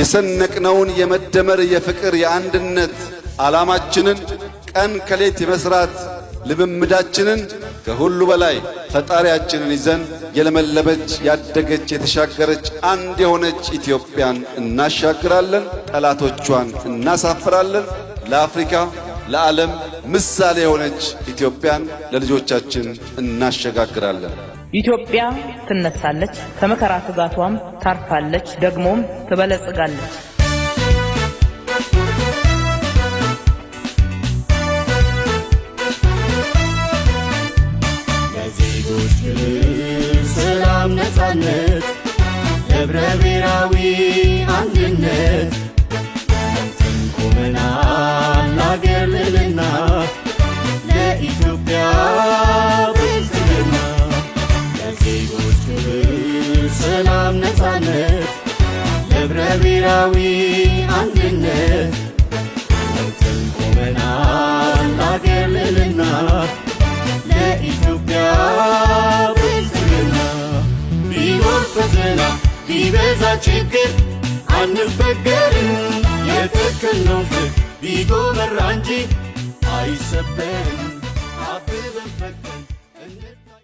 የሰነቅነውን የመደመር የፍቅር የአንድነት ዓላማችንን ቀን ከሌት የመስራት ልምምዳችንን ከሁሉ በላይ ፈጣሪያችንን ይዘን የለመለበች ያደገች የተሻገረች አንድ የሆነች ኢትዮጵያን እናሻግራለን። ጠላቶቿን እናሳፍራለን። ለአፍሪካ ለዓለም ምሳሌ የሆነች ኢትዮጵያን ለልጆቻችን እናሸጋግራለን። ኢትዮጵያ ትነሳለች፣ ከመከራ ስጋቷም ታርፋለች፣ ደግሞም ትበለጽጋለች። ለዜጎች ሰላም፣ ነጻነት፣ ህብረ ብሔራዊ ብልጽግና ለኢትዮጵያ ብልጽግና ለዜጎች ክብር፣ ሰላም፣ ነፃነት ለህብረ ብሔራዊ አንድነት ሰውትን ቆመናል ለአገር ልዕልና ለኢትዮጵያ ብልጽግና ቢኖር ፈተና ቢበዛ ችግር አንበገርም የተከልነው ፍቅር ቢጎመራ እንጂ Isabel. I've been affected.